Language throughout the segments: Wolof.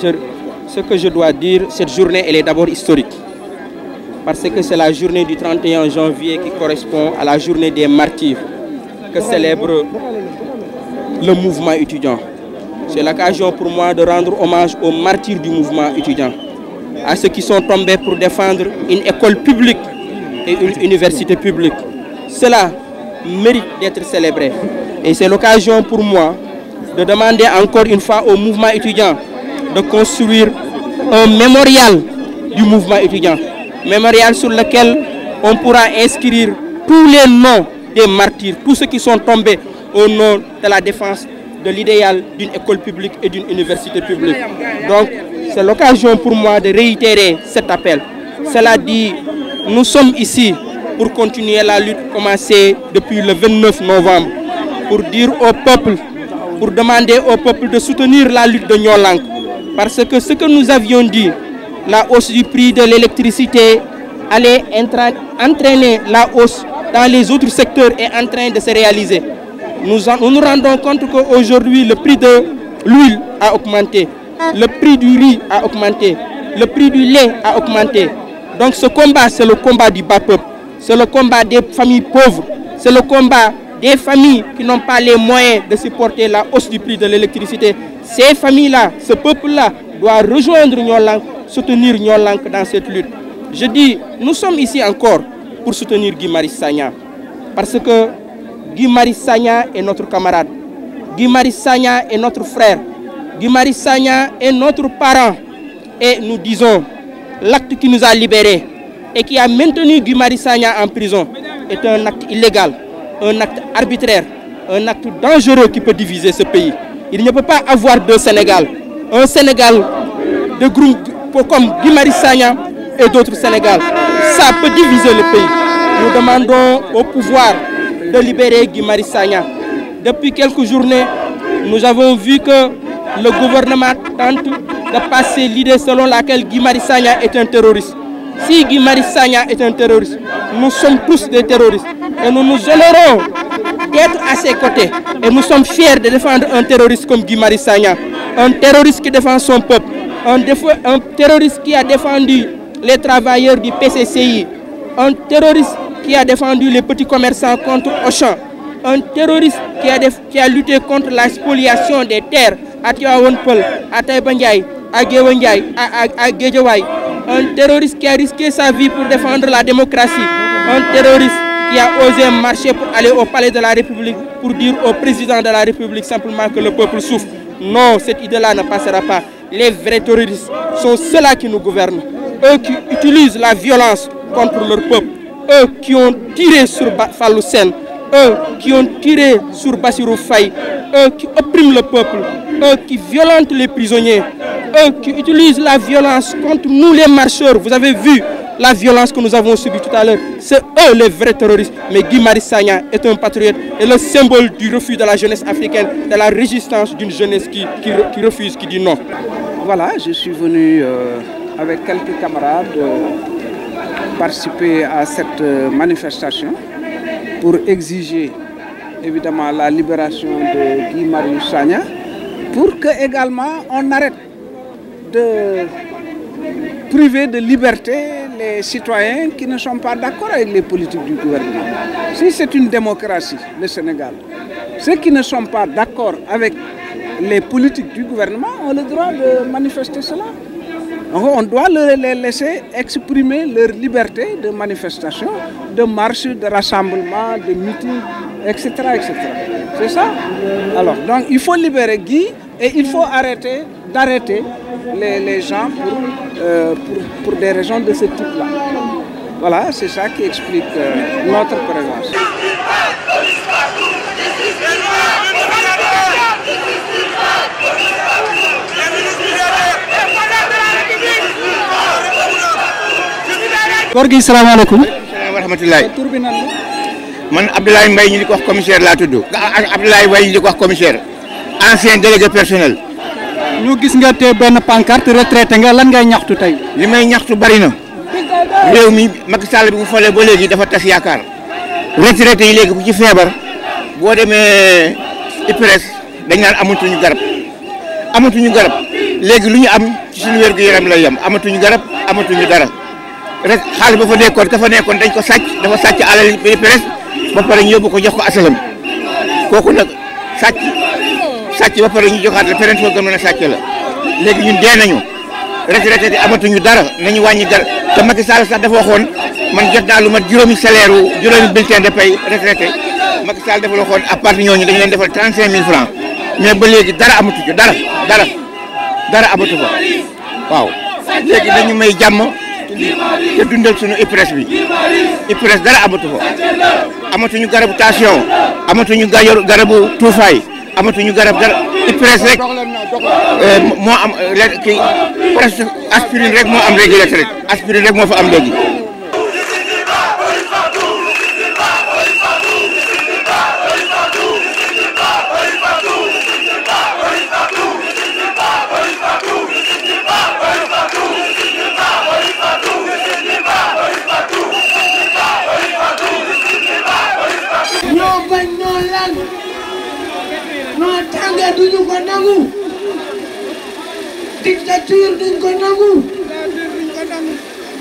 je, ce que je dois dire, cette journée, elle est d'abord historique. Parce que c'est la journée du 31 janvier qui correspond à la journée des martyrs que célèbre le mouvement étudiant. C'est l'occasion pour moi de rendre hommage aux martyrs du mouvement étudiant, à ceux qui sont tombés pour défendre une école publique et une université publique. Cela mérite d'être célébré. Et c'est l'occasion pour moi de demander encore une fois au mouvement étudiant de construire un mémorial du mouvement étudiant. Mémorial sur lequel on pourra inscrire les noms des martyrs, tous ceux qui sont tombés au de la défense de école publique et d'une université publique. Donc, c'est l'occasion pour moi de réitérer cet appel. Cela dit, nous sommes la lutte commencée depuis pour dire au peuple, pour demander au peuple de soutenir la lutte Parce que ce que nous avions dit, la hausse du prix de l'électricité allait entraîner la hausse dans les autres secteurs et en de se réaliser. Nous, en, nous, nous rendons compte qu'aujourd'hui, le prix de l'huile a augmenté, le prix du riz à augmenté, le prix du lait a augmenté. Donc ce combat, c'est le combat du bas peuple, c'est le combat des familles pauvres, c'est le combat des familles qui n'ont pas les moyens de supporter la hausse du prix de l'électricité. Ces familles-là, ce peuple-là, doit rejoindre Lank, soutenir Lank dans cette lutte. Je dis, nous sommes ici encore pour soutenir Guy Maris Sagna, parce que Guy Maris Sagna est notre camarade, Guy Maris Sagna est notre frère, Guy Maris Sagna est notre parent, et nous disons, l'acte qui nous a libérés et qui a maintenu Guy Maris Sagna en prison est un acte illégal. un acte arbitraire, un acte dangereux qui peut diviser ce pays. Il ne peut pas avoir deux Sénégal. Un Sénégal de groupes comme Guimari Sagna et d'autres Sénégal. Ça peut diviser le pays. Nous demandons au pouvoir de libérer Guimari Depuis quelques journées, nous avons vu que le gouvernement tente de passer l'idée selon laquelle Guimari est un terroriste. Si Guimari est un terroriste, nous sommes tous des terroristes. et nous nous honorons d'être à ses côtés. Et nous sommes fiers de défendre un terroriste comme Guy Marius Sagna, un terroriste qui défend son peuple, un, terroriste qui a défendu les travailleurs du PCCI, un terroriste qui a défendu les petits commerçants contre Auchan, un terroriste qui a, qui a lutté contre la des terres à Tiawanpol, à Taïbandiaï, à Gewandiaï, un terroriste qui a risqué sa vie pour défendre la démocratie, un terroriste qui a osé marcher pour aller au palais de la République pour dire au président de la République simplement que le peuple souffre. Non, cette idée-là ne passera pas. Les vrais terroristes sont ceux qui nous gouvernent. Eux qui utilisent la violence contre leur peuple. Eux qui ont tiré sur Fallou Eux qui ont tiré sur Bassirou Faye. Eux qui oppriment le peuple. Eux qui violentent les prisonniers. Eux qui utilisent la violence contre nous les marcheurs. Vous avez vu la violence que nous avons subie tout à l'heure. C'est eux les vrais terroristes. Mais Guy Marius Sagna est un patriote et le symbole du refus de la jeunesse africaine, de la résistance d'une jeunesse qui, qui, qui, refuse, qui dit non. Voilà, je suis venu euh, avec quelques camarades euh, participer à cette euh, manifestation pour exiger évidemment la libération de Guy Marius Sagna pour que également on arrête de priver de liberté les citoyens qui ne sont pas d'accord avec les politiques du gouvernement. Si c'est une démocratie, le Sénégal, ceux qui ne sont pas d'accord avec les politiques du gouvernement ont le droit de manifester cela. on doit les laisser exprimer leur liberté de manifestation, de marche, de rassemblement, de meeting, etc. C'est ça. il faut libérer Guy et il faut arrêter d'arrêter les, les, gens pour, euh, pour, des raisons de ce type-là. Voilà, c'est ça qui explique euh, notre présence. koor gi salaamaaleykum. wa rahmatulahi. tur bi nan la. man Abdoulaye Mbaye ñu di ko wax commissaire laa tudd. Abdoulaye Mbaye ñu commissaire. ancien délégué personnel. ñu gis nga te benn pancarte retraité nga lan ngay ñaxtu tey. li may ñaxtu bari na réew mi Macky Sall bi bu falee ba léegi dafa tas yaakaar retraité yi léegi bu ci feebar boo demee IPRES dañ naan amatuñu garab amatuñu garab léegi lu ñu am ci suñu wér gu yaram lay yem amatuñu garab amatuñu dara rek xaalis ba fa nekkoon dafa nekkoon dañ ko sàcc dafa sàcc alal IPRES ba pare ñu yóbbu ko jox ko asalam kooku nag sàcc. sàcc ba pare ñu joxaat la feneen foo gëm ne sàcc la léegi ñun dee nañu retraité amatuñu dara nañu wàññi dara te Macky Sall sax dafa waxoon man jot naa lu mat juróomi salaire wu juróomi bulletin de paie retraité Macky Sall dafa waxoon à part ñooñu dañu leen defal 35000 francs mais ba léegi dara amatu ci dara dara dara amatu fa waaw léegi dañu may jàmm te dundal suñu IPRES bi IPRES dara amatu fa amatuñu garabu tension amatuñu garabu tuufaay. amatuñu garab dara ci presse rek euh, moo am euh, kii presse aspirine rek moo am léegi lettre rek aspirine rek moo fa am léegi dictature duñ ko nangu. duñ ko nangu.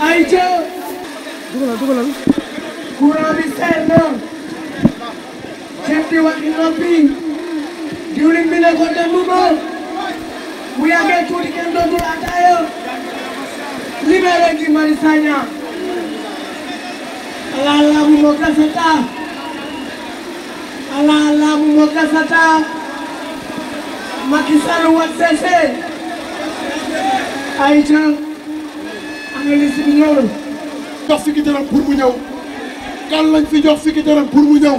ay jë. dugalal dugalal. courant bi seet na. ceeb bi wax i noppi. diwlin bi ne gi Mari Sagna. ala moo kasata. ala moo kasata. Macky Sall wat Aïcha analyse bi ñëw na jox fukki dërëm pour mu ñëw kan fi jox fukki dërëm pour mu ñëw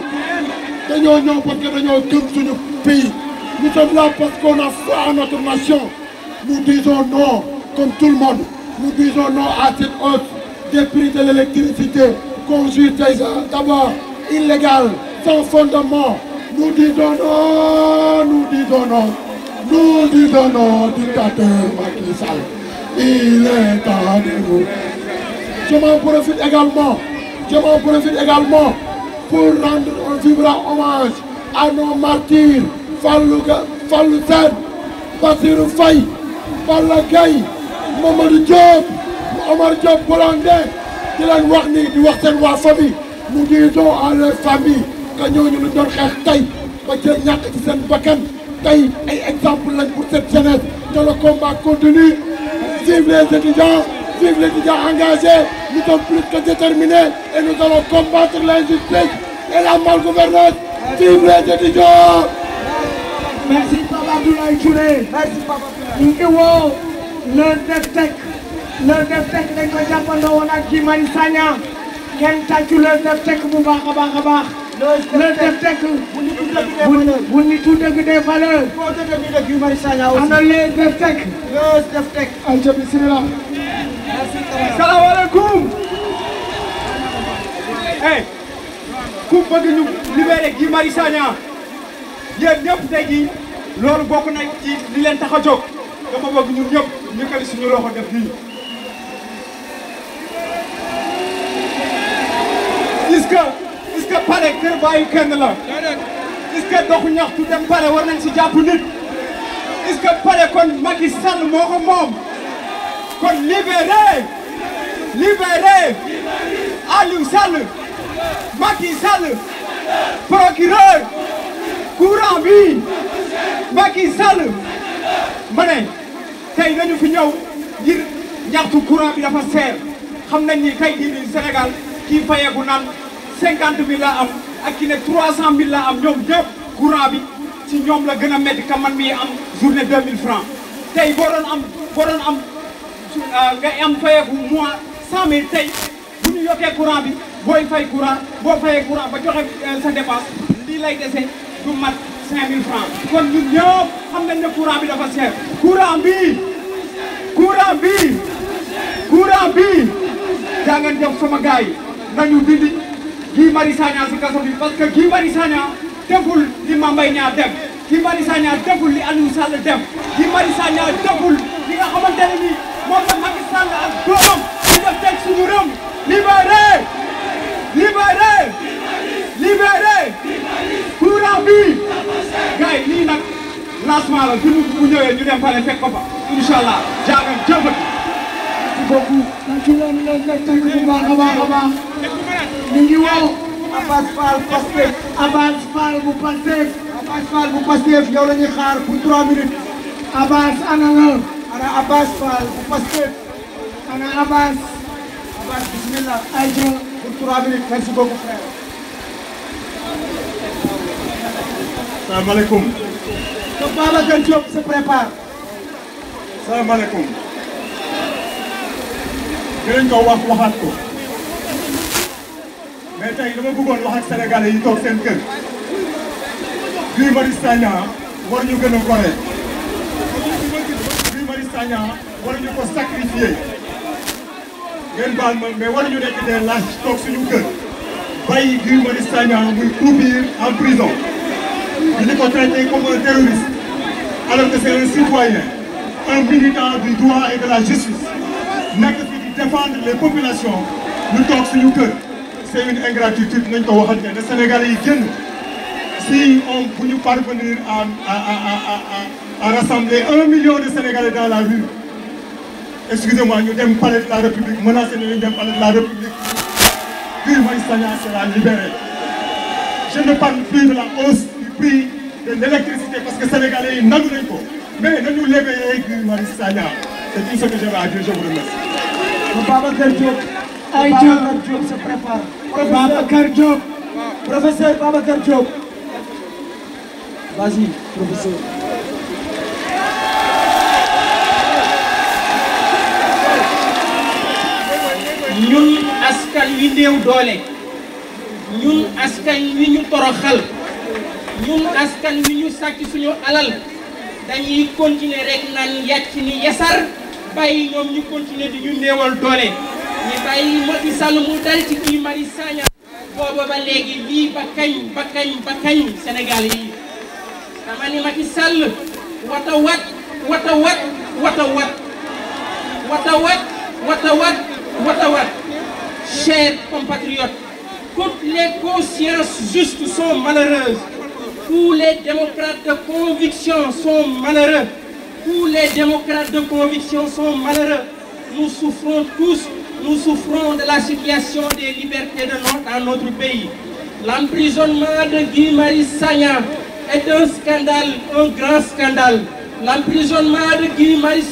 dañoo ñëw parce que dañoo gëm suñu pays nous sommes là parce qu'on a foi nation nous disons non comme tout le monde nous disons non à des prix de l'électricité qu'on juge d'abord illégale sans fondement nous disons non nous disons non nous disons non dictateur il est temps de vous. Je m'en profite également, je m'en profite également pour rendre un vibrant hommage à nos martyrs Fallou Fallou Sène Bassirou Faye Balla Gaye Mamadou Diop Omar Diop Bollandé di leen wax ni di wax seen waa famille nous disons à leur famille doon xeex tey ba jël ci seen bakkan tey ay exemple lañ pour cette jeunesse te le combat continue vive les étudiants, vive les étudiants engagés. Nous sommes plus que déterminés et nous allons combattre l'injustice et la malgouvernance. Vive les étudiants. Merci Papa Doulaye Touré. Merci Papa Doulaye. ñu ngi woo le Neftec le Neftec dañ ko jàppandoo woon ak Guy Marius Sagna ngeen tàccu le Neftec bu baax a baax a baax. loolu def tekk bu nitu dëgg dee valeur am na lee def tekk def tekk ayca bismillah salaamaaleykum hey ku bëgg ñu libéré Guy Marius Sagna ñëpp tey jii loolu bokk na ci leen tax a jóg bëgg ñun ñëpp ñu kali suñu loxo def nii gis que pare kër bàyyi kenn nañ si jàpp nit est-ce que pare kon Macky Sall moo ko moom kon libéré libéré tey dañu fi ñëw ngir ñaxtu courant dafa seer xam nañ ni tey jii nii Sénégal kii fayeeku cinquante mille laa am ak ki ne trois cent mille laa am ñoom ñëpp courant bi ci ñoom la gën a métti ka man mii am journée deux mille francs tey boo doon am boo am euh, nga am mois cent mille tey bu ñu yokkee courant bi booy fay courant boo fayee courant ba joxe euh, sa dépense lii lay dese du mat cinq francs kon ñun ñëpp xam nañ ne courant bi dafa cher courant bi courant bi courant bi daa ngeen jëf sama gars yi nañu dindi Guy Marius Sagna si kaso bi parce que Guy Marius Sagna deful li Mame Mbaye Niang def Guy Marius li Aliou Sall def Guy Marius li nga xamante ne ni moom la Macky Sall ak doomam di def teg suñu réew libéré libéré libéré courant bi gars yi lii nag lancement la fi mu ñëwee ñu dem fale fekk ko fa incha allah jaagam jëfat beaucoup. ñu ngi woo Abass Fall Pastef Abass Fall bu Pastef Abass Fall bu Pastef yow la ñuy xaar pour trois minutes Abass ana la ana Abass Fall bu Pastef ana Abass Abass bismillah ay pour trois minutes merci beaucoup frère salaamaaleykum donc Babacar Diop se prépare salaamaaleykum dinañ ko wax waxaat ko mais tey dama bëggoon wax ak sénégalais yi toog seen kër Guy Marius war ñu gën a gore Guy Marius Sagna war ñu ko sacrifier ngeen baal ma mais war ñu nekk des lâches toog suñu kër bàyyi Guy Marius muy croupir en prison dañu ko traité comme un terroriste alors que c'est un citoyen un militant du et de justice nekk fi di défendre les populations ñu toog suñu kër c'est une ingratitude nañ ko waxante ne Sénégalais yi génn si on bu ñu parvenir à à a à à rassembler un million de Sénégalais dans la rue excusez-moi dem palais la République menacé na dem palais la République Guy Marius Sagna sera libéré je ne parle plus de la hausse du prix de l'électricité parce que Sénégalais yi nangu nañ ko mais nañu libéré Guy Marius Sagna c'est tout ce que j'avais à dire je vous remercie. ay Diop Babacar Diop se prépare. Babacar ñun askan wi néew doole. ñun askan wi ñu toroxal. ñun askan wi ñu sàcc suñu alal. dañuy continuer rek naan yàcc ni yasar bàyyi ñoom ñu continuer di ñu néewal doole. ñi bàyyi Macky Sall mu dal ci Guy Marius booba ba léegi lii ba kañ ba kañ ba kañ Sénégal yi dama ni Macky Sall wata wat wata wat wata wat wata les consciences justes sont malheureuses tous les démocrates de conviction sont malheureux tous les démocrates de conviction sont malheureux nous souffrons tous nous souffrons de la situation des libertés de notre, dans notre pays. L'emprisonnement de Guy Marie est un scandale, un grand scandale. L'emprisonnement de Guy Marie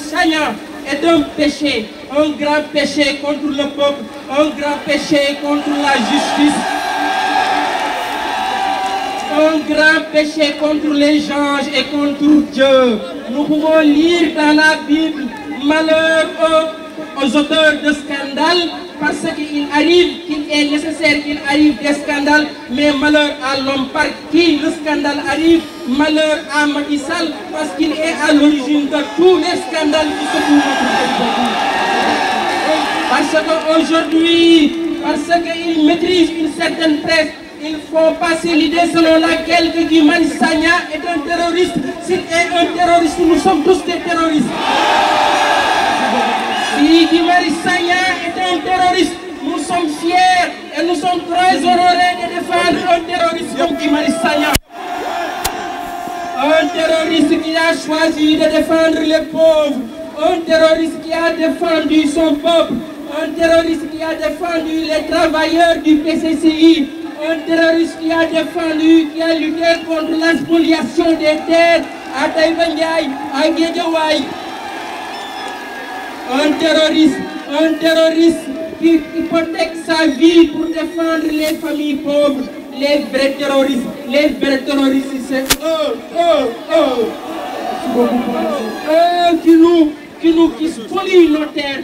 est un péché, un grand péché contre le peuple, un grand péché contre la justice, Nous pouvons lire dans la Bible, malheur aux aux auteurs de scandales parce qu'il arrive qu'il est nécessaire qu'il arrive des scandales mais malheur à l'homme qui le scandale arrive malheur à Macky parce qu'il est à l'origine de tous les scandales qui se trouvent notre pays parce qu'aujourd'hui parce qu'il maîtrise une certaine presse ils font passer l'idée selon laquelle que Guy Marius Sagna est un terroriste s'il est un terroriste nous sommes tous des terroristes Si Guy Marius Sagna est un terroriste, nous sommes fiers et nous sommes très honorés de défendre un terroriste comme Guy Marius Sagna. Un terroriste qui a choisi de défendre les pauvres, un terroriste qui a défendu son peuple, un terroriste qui a défendu les travailleurs du PCCI, un terroriste qui a défendu, qui a lutté contre la spoliation des terres à Taïba Ndiaye, à Guédiawaye. un terroriste, un terroriste qui hypothèque sa vie pour défendre les familles pauvres, les vrais terroristes, les vrais terroristes, c'est eux, eux, qui nous, qui spolient nos terres,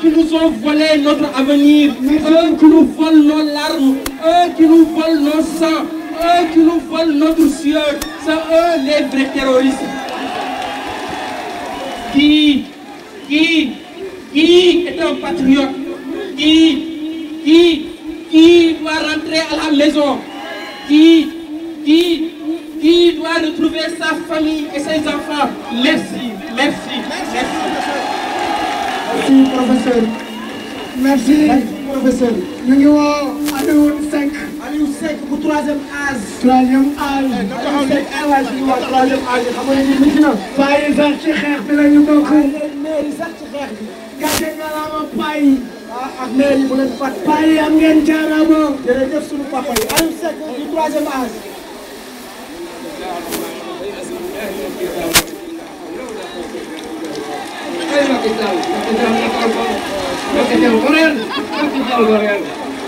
qui nous ont volé notre avenir, eux qui nous volent nos larmes, eux qui nous volent notre sueur, c'est eux les vrais terroristes. qui, qui est un patriote, qui, qui, qui doit rentrer à la maison, qui, qui, qui doit retrouver sa famille et ses enfants. Merci, merci, merci. merci professeur ñu ngi woo Alioune Seck Alioune Seck bu troisième âge troisième eh, âge eh, Alioune Seck âge ñu wax troisième âge xam nga ni nit na bàyyi sax ci xeex bi la ñu bokk ah, maire yi sax ci xeex bi gàcce ngalaama pay ah, ak maire yi bu leen fat pay am ngeen jaaraama jërëjëf suñu papa yi Alioune Seck du troisième âge Thank you. kooku dem goreel kooku jël goreel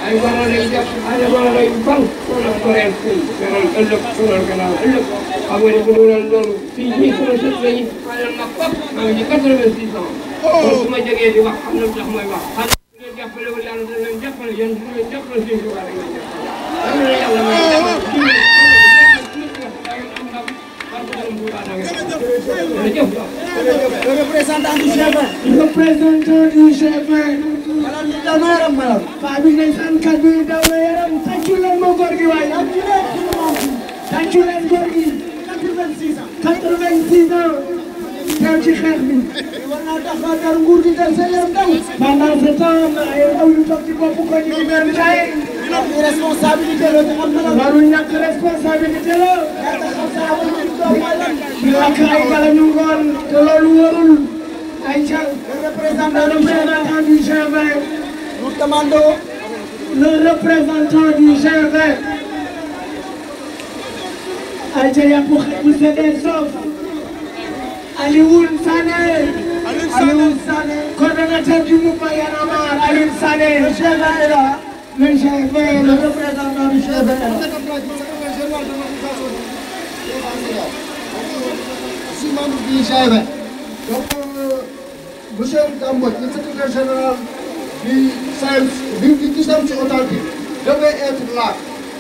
ay goreel lay jàpp ay goreel lay bal sonal goreel fii sonal ëllëg sonal gannaaw ëllëg xam nga ne bu dul woon loolu fii ñii sama sët la ñu xaaral ma bopp maa ngi quatre-vingt-six ans kon su ma jógee di wax xam na tax mooy wax xam nga bu leen jàppale wala yàlla dana leen jàppale yéen bu leen jàppale seen tubaab rek la jàppale yàlla may jàppale Le représentant du G20. Le représentant du G20. maanaam ñu daw na yaram maanaam. waa bi ne sànq kàddu yi daw na yaram. tàccu leen ma góor gi waaye. tàccu leen góor gi. 86 ans. 86 ans. teew ci xeex bi. war naa tax ba dara nguur gi dal sa yaram daw. pendant ce temps am na ay aw yu toog ci bopp ko ñu di mel jaay. responsabilité la te am na la. waru ñàkk responsabilité la. yaa tax xam sa ñu lakk ay gala ñu ngoon te loolu wóorul ay ca le représentant du G20 du G20 nous demandons le représentant du G20 ayca yàpp monsieur Dessov Alioune Sané Alioune Sané coordonnateur du mouvement Y'en a marre Alioune Sané le G20 est là le G20 le représentant du G20 membre du G20. E. Donc, euh, monsieur Gambot, le secrétaire général du SAEMS, du, du, du SAEMS authentique, devait être là.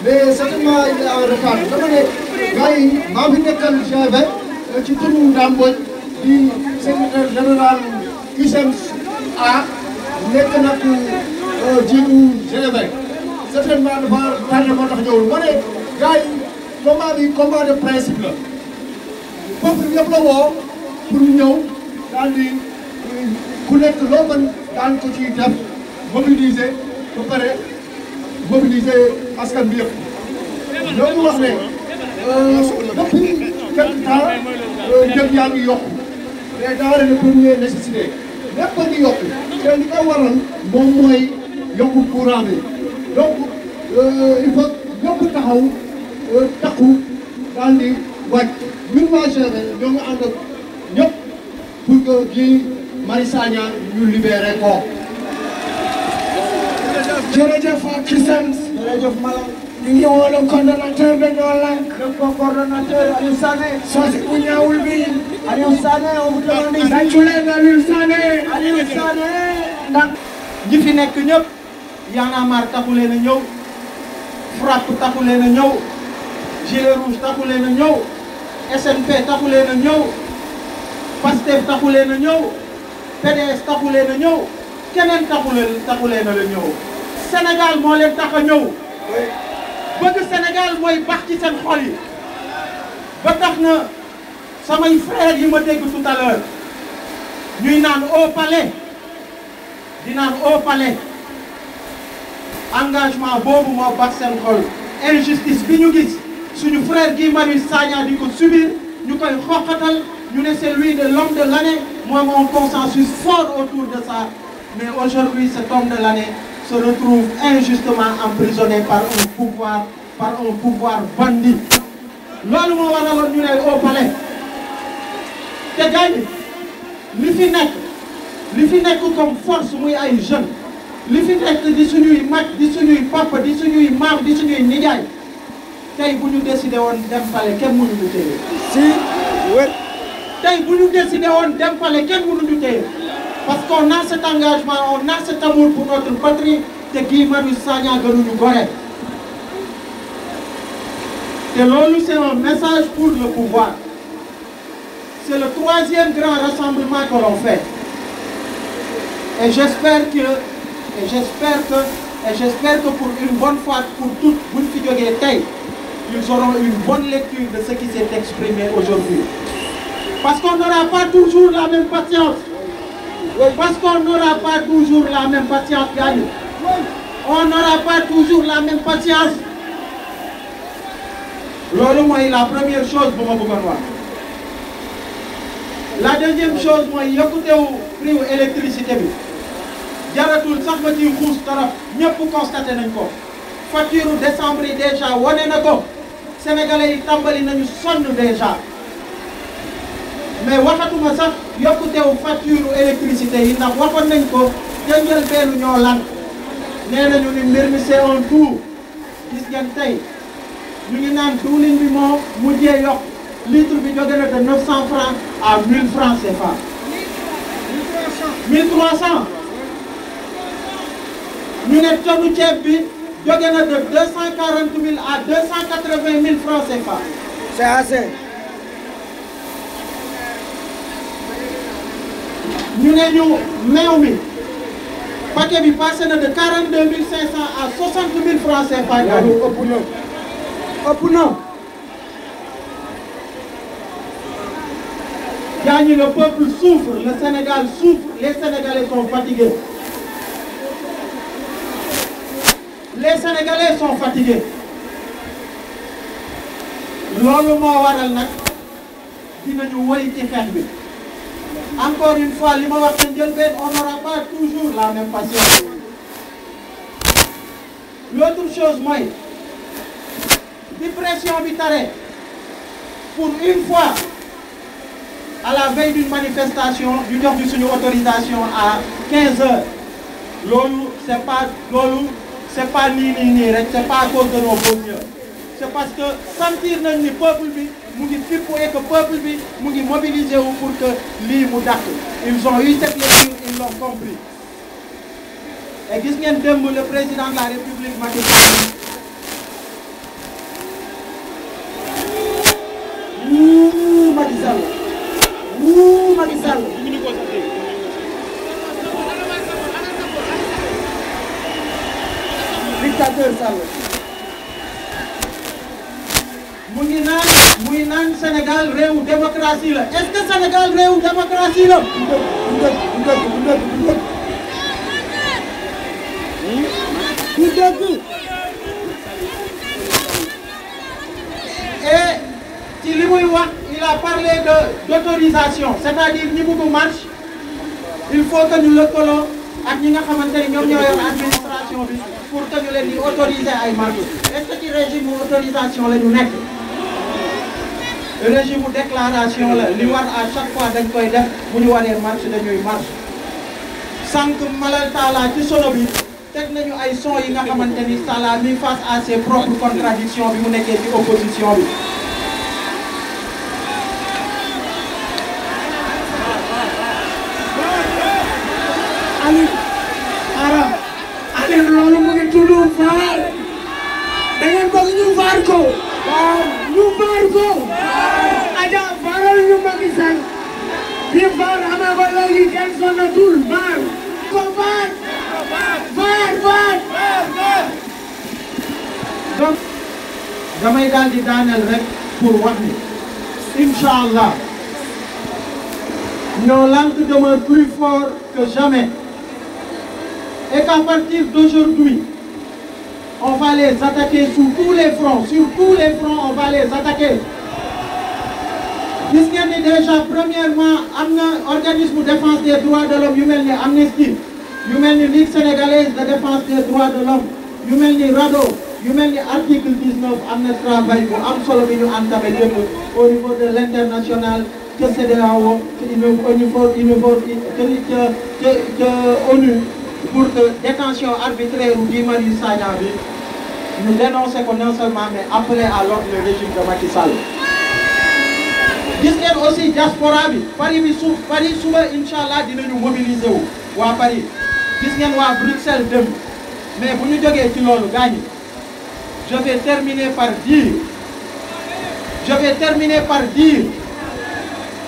Mais certainement, il est en retard. Dama ne gars yi maa fi nekkal G20 e, euh, ci turu Gambot di secrétaire général du SAEMS A nekk nag euh, jiitu G20. E. certainement dafa tardé moo tax ñëwul ma ne gars yi combat bi combat de principe la. parce que ñëpp la woo pour ñu ñëw daal di ku nekk loo mën daan ko ciy def mobiliser ba pare mobiliser askan bi yëpp. loolu wax ne euh, depuis quelque temps njëg euh, yaa ngi yokku les denrées de première nécessité lépp a ngi yokku te li ko waral moom mooy yokku courant bi donc euh, il faut ñëpp taxaw takku daal di. nag ñun waa GV e ñoo ngi ànd ak ñëpp pour ñu libéré ko. jërëjëf ak Christian jërëjëf Malang. ñu ngi woon ak coordonnateur de Niolane. ñaawul bi. Aliou Sané on vous demande. dañu fi nekk ñëpp. Y'en a marre taxu leen a ñëw. FRAPP taxu a ñëw. Gilets rouges taxu SNP taxu leen a ñëw PASTEF taxu leen a ñëw PDS taxu leen ñëw keneen taxu leen taxu la ñëw Sénégal moo leen tax a ñëw bëgg Sénégal mooy bax ci seen xol yi ba tax na samay frères yi ma dégg tout à l'heure ñuy naan au di naan au palais engagement boobu moo bax seen xol injustice bi ñu gis suñu frère gi Marius Sagna di ko subir ñu koy xoqatal ñu ne c'est lui de l'homme de l'année moom un consensus fort autour de ça mais aujourd'hui cet homme de l'année se retrouve injustement emprisonné par un pouvoir par un pouvoir bandit loolu moo waraloon ñu ne au te gaañ li fi nekk li fi nekk comme force muy ay jeunes li fi nekk di suñuy mag di suñuy papa di suñuy maam di suñuy nijaay tey bu ñu décidé woon dem fale kenn mënuñu téye. si wér. tey bu ñu décidé woon dem fale kenn mënuñu téye parce qu'on a cet engagement on a cet amour pour notre patrie te Guy Marius Sagna gënuñu gore. te loolu c'est un message pour le pouvoir c'est le troisième grand rassemblement que l'on et j'espère que et j'espère que et j'espère que pour une bonne fois pour toutes buñ fi jógee tey. ils auront une bonne lecture de ce qui s'est exprimé aujourd'hui. Parce qu'on n'aura pas toujours la même patience. Parce qu'on n'aura pas toujours la même patience, Yannick. On n'aura pas toujours la même patience. loolu mooy la première chose bu ma bëggoon wax la deuxième chose mooy yokkutewu prix électricité bi jaratul sax ma ciy xuus torop ñëpp constaté nañ ko facture wane na ko. sénégalais yi tàmbali nañu sonn déjà mais waxatuma sax yokkutewu facture électricité yi ndax waxoon nañ ko ca njëlbéenu ñoo lan nee nañu ni mbir mi c'est un tout gis ngeen tey ñu ngi naan diwlin bi moo mujjee yokk litre bi jóge na de 900 francs à 1000 francs CFA 1300 ñu ne tonu ceeb bi jóge na de deux cent mille à deux cent quatre vingt mille francs CFA. c'est assez. ñu ne ñu meew mi paquet bi passé na de quarante deux mille cinq cent à soixante mille francs CFA. loolu ëpp na ëpp na. yaa ñu le peuple souffre le Sénégal souffre les Sénégalais sont fatigués. les Sénégalais sont fatigués loolu moo waral nag dinañu wëy ci xeex bi encore une fois li ma wax seen njëlbeen on n'aura pas toujours la même patience l'autre chose mooy di pression bi tare pour une fois à la veille d'une manifestation ñu jox ñu suñu autorisation à 15 heures loolu c'est pas loolu c'est pas nii nii nii rek c'est pas koo gënoo koo mieux c'est parce que sentir nañ ni peuple bi mu ngi fippu et que peuple bi mu ngi mobiliser wu pour que lii mu dàq ils ont eu cette lecture ils l'ont compris et gis ngeen démb le président de la république Macky Sall wuu Macky Sall wuu Macky dictateur Sall mu ngi naan muy naan Sénégal réewu démocratie la est-ce que Sénégal réewu démocratie la. du dëgg du dëgg et ci li muy wax il a parlé de d'autorisation c'est-à-dire ñi bëgg marche il faut que ñu lëkkaloo ak ñi nga xamante ne ñoom ñoo yor administration bi. pour que ñu leen di autoriser ay marché est-ce que ci régime autorisation la ñu nekk régime déclaration la li war à chaque fois dañ koy def bu ñu waree marché dañuy marché sànq malal taala ci solo bi teg nañu ay son yi nga xamante ni Talla mi face à ses propres contradictions bi mu nekkee ci opposition bi jël ko Adja baral ñu Macky Sall bi baar amee ba léegi kenn sonnatul baar ko baar baar baar donc damay daal di daaneel rek pour wax ni incha allah nos langues demeurent plus fortes que jamais et qu'à partir d'aujourd'hui on va les sur tous les fronts sur tous les fronts on va les attaquer ngeen ni déjà premièrement am na organisme de défense des droits de l'homme yu mel ni Amnesty yu mel ni Ligue sénégalaise de défense des droits de l'homme yu mel ni RADDHO yu mel ni article 19 am na travail bu am solo bi ñu entamé démb au niveau de l'international ca CEDEAO ca unifor ca ca ONU pour que détention arbitraire u Guy Marius Sagna bi nous dénoncer ko non seulement mais appeler à l'ordre le régime de Macky gis ngeen aussi diaspora bi Paris bi su Paris suba incha allah dinañu mobiliser wu waa Paris gis ngeen waa Bruxelles dem mais bu ñu jógee ci loolu gaañi je vais terminer par dire je vais terminer par dire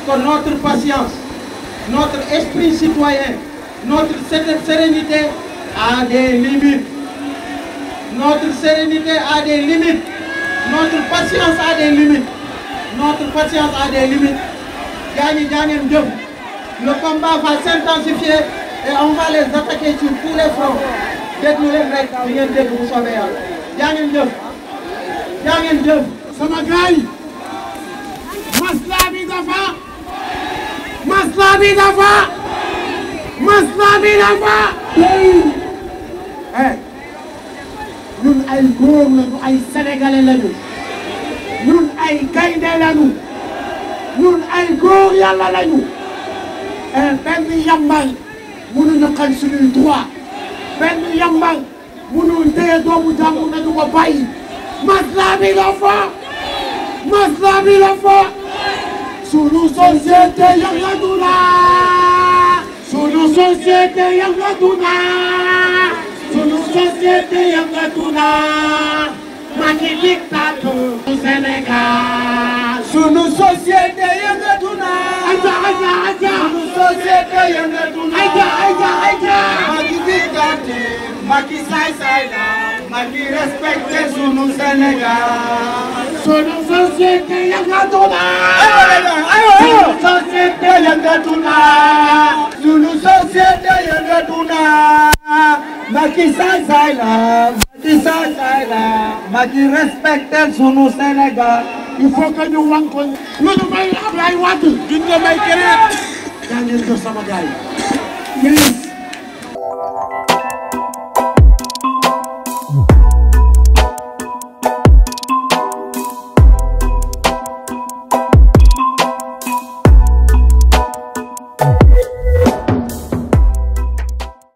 que notre patience notre esprit citoyen notre sérénité a des limites. Notre sérénité a des limites. Notre patience a des limites. Notre patience a des limites. Le combat va s'intensifier et on va les attaquer sur tous les fronts. Dites-nous les mecs, vous venez de vous sauver. Yangin Dieu. Yangin Dieu. Sama gaay. Masla bi dafa. Masla bi dafa. Masla bi dafa. Eh. ay góor lañu ay sénégalais lañu ñun ay gaynde lañu ñun ay góor yàlla lañu eh, benn yambal mënuñu xañ suñuy droit benn yambal mënul téye doomu jàmbur nañu ko bàyyi masla bi la fa masla bi la fa sunu société yëngatu na sunu société yëngatu na société yëngatu na magnifique taatu Sénégal. sunu société yëngatu na. aja aja aja. sunu société yëngatu na. aja aja aja. magnifique taatu Macky saay saay la. ak di respecté sunu Sénégal. sunu société yëngatu naa. sunu société yëngatu naa. sunu société yëngatu naa. Macky Sall saay la. Macky Sall saay la. Macky respecté sunu Sénégal. il faut que ñu wan ko. lu ñu may Ablaye Wade. duñ ko may keneen. yaa ngeen jëf sama gars yi.